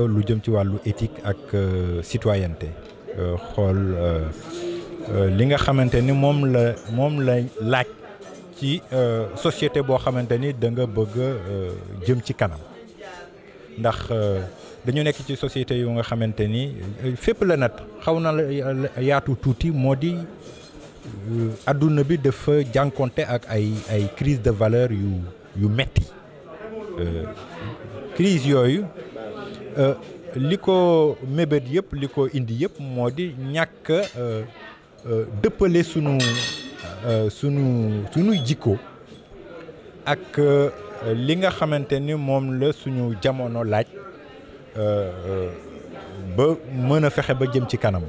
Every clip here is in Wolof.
waxtaane lu jëm ci wàllu éthique ak euh, citoyenneté euh, xool euh, li nga xamante ni moom la moom la laaj ci société boo xamante ni da nga bëgg jëm ci kanam ndax dañu nekk ci société yu nga xamante ni fépp la nat xaw na yaatu tuuti moo di adduna bi dafa jànkonte ak ay ay crise de valeur yu yu metti crise yooyu Euh, li ko mébét yëpp li ko indi yëpp moo di ñàkk euh, euh, dëppale sunu sunu sunuy jikko ak li nga xamante ni moom la suñu jamono laaj ba mën a fexe ba jëm ci kanam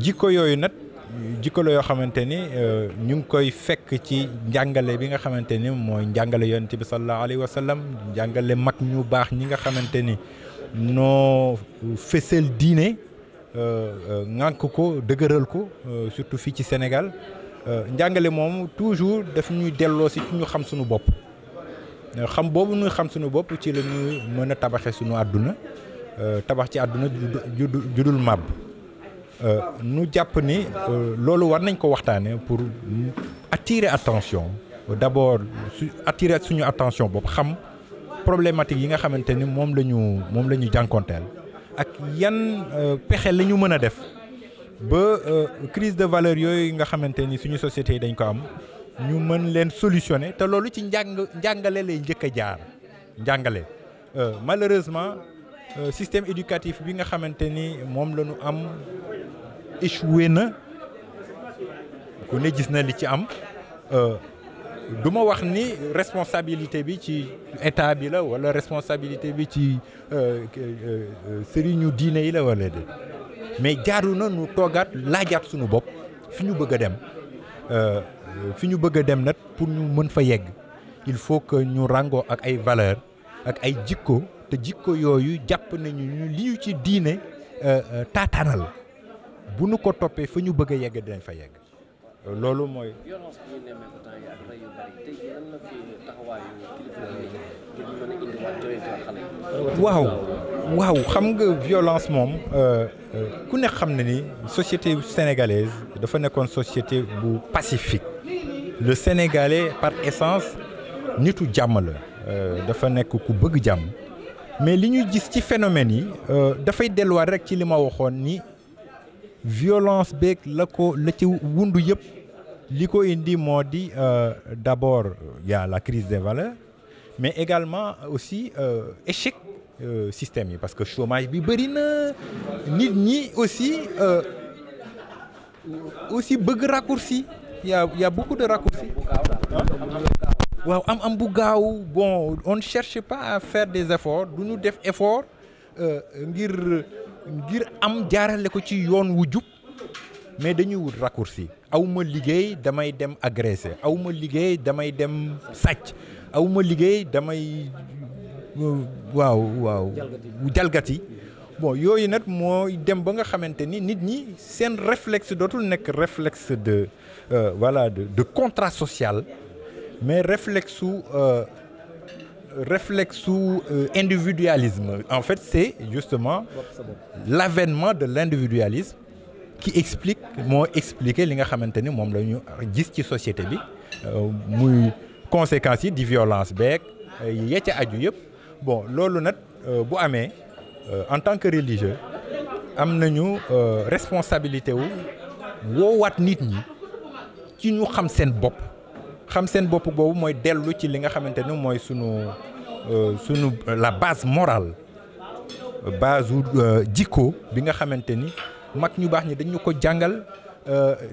jikko yooyu nag jikko la yoo xamante ni euh, ñu ngi koy fekk ci njàngale bi nga xamante ni mooy njàngale yoon ci bi sallallahu alayhi wa sallam njàngale mag ñu baax ñi nga xamante ni noo fësal diine euh, euh, ŋànk ko dëgëral ko surtout fii ci Sénégal njàngale moom toujours daf ñuy delloo si ñu xam suñu bopp xam boobu ñu xam suñu bopp ci la mën a tabaxe suñu àdduna tabax ci àdduna ju dul màbb Euh, nu jàpp ni euh, loolu war nañ ko waxtaanee pour attirer attention d' abord su attirer suñu attention boobu xam problématique yi nga xamante ni moom la ñu moom la ñu jànkonteel ak yan euh, pexe la ñu mën a def ba crise de valeur yooyu nga xamante ni suñu société yi dañ ko am ñu mën leen solutionner te loolu ci njàng njàngale lay njëkk a jaar njàngale malheureusement système éducatif bi nga xamante ni moom la ñu am échoué na ku ne gis na li ci am euh, du ma wax ni responsabilité bi ci état bi la wala responsabilité bi ci euh, euh, sëriñu diine yi la wala de mais jaaru na nu toogaat laajaat suñu bopp fi ñu bëgg a dem fi ñu bëgg a dem nag pour ñu mën fa yegg il faut que ñu ràngoo ak ay valeur ak ay jikko te jikko yooyu jàpp nañu ñu li ci diine taataanal bu nu ko toppee fa ñu bëgg a yegg dinañ fa yegg loolu mooy. waaw waaw xam nga violence moom euh, euh, ku ne xam na ni société sénégalaise dafa nekkoon société bu pacifique le sénégalais par essence nitu jàmm la euh, dafa nekk ku bëgg jàmm mais li ñuy gis ci phénomène yi dafay delluwaat rek ci li ma waxoon ni. violence beeg la ko la ci wundu yëpp li ko indi moo di euh, d'abord y a la crise des valeurs mais également aussi euh, échec euh, système yi parce que chômage bi bëri na nit ñi aussi aussi bëgg raccourci y beaucoup de raccourci waaw am am bu gaaw bon on ne cherche pas à faire des efforts du ñu def effort ngir ngir am jaarale ko ci yoon wu jub mais dañuy wut raccourci aw ma liggéey damay dem agressé aw ma liggéey damay dem sàcc aw ma liggéey damay euh, waaw waaw jalgati bon yooyu nag mooy dem ba nga xamante ni nit ñi seen réflexe dootul nekk réflexe de euh, voilà de de contrat social mais réflexe euh, réflexe sous euh, individualisme en fait c'est justement l'avènement de l'individualisme qui explique moo explique li nga xamante ni moom la ñu gis ci société bi euh, muy conséquences yi di violence beeg euh, ya ca aju yëpp bon loolu nag bu amee en tant que religieux am nañu responsabilité wu woowaat nit ñi ci ñu xam seen bopp xam seen bopp boobu mooy dellu ci li nga xamante ni mooy sunu euh, sunu euh, la base morale base euh, jikko bi nga xamante ni mag ñu baax ñi dañ ñu ko jàngal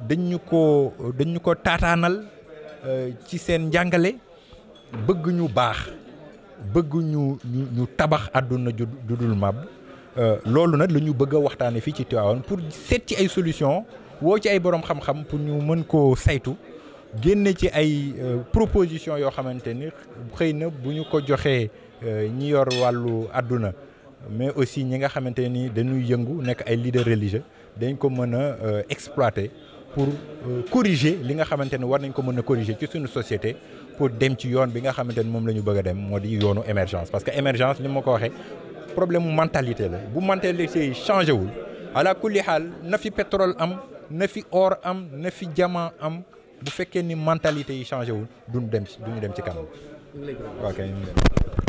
dañ ñu ko dañ ko taataanal ci seen njàngale bëgg ñu baax bëgg ñu ñu tabax àdduna ju dudul màbb loolu nag la ñu bëgg a waxtaane fii ci Tivaouane pour seet ci ay solution woo ci ay boroom xam-xam pour ñu mën koo saytu génne ci ay euh, proposition yoo xamante ni xëy na bu ñu ko joxee euh, ñi yor wàllu adduna mais aussi ñi nga xamante ni dañuy yëngu nekk ay leader religieux dañ ko mën a euh, exploiter pour corriger li nga xamante ni war nañ ko mën a corriger ci suñu société pour dem ci yoon bi nga xamante ni moom la ñu bëgg a dem moo di yoonu émergence parce que émergence li ma ko waxee problème mu mentalité la bu mentalité yi changé wul xaal na fi pétrole am na fi or am na fi jama am bu fekkee ni mentalité yi changé wul duñu dem ci duñu dem ci kanam. ok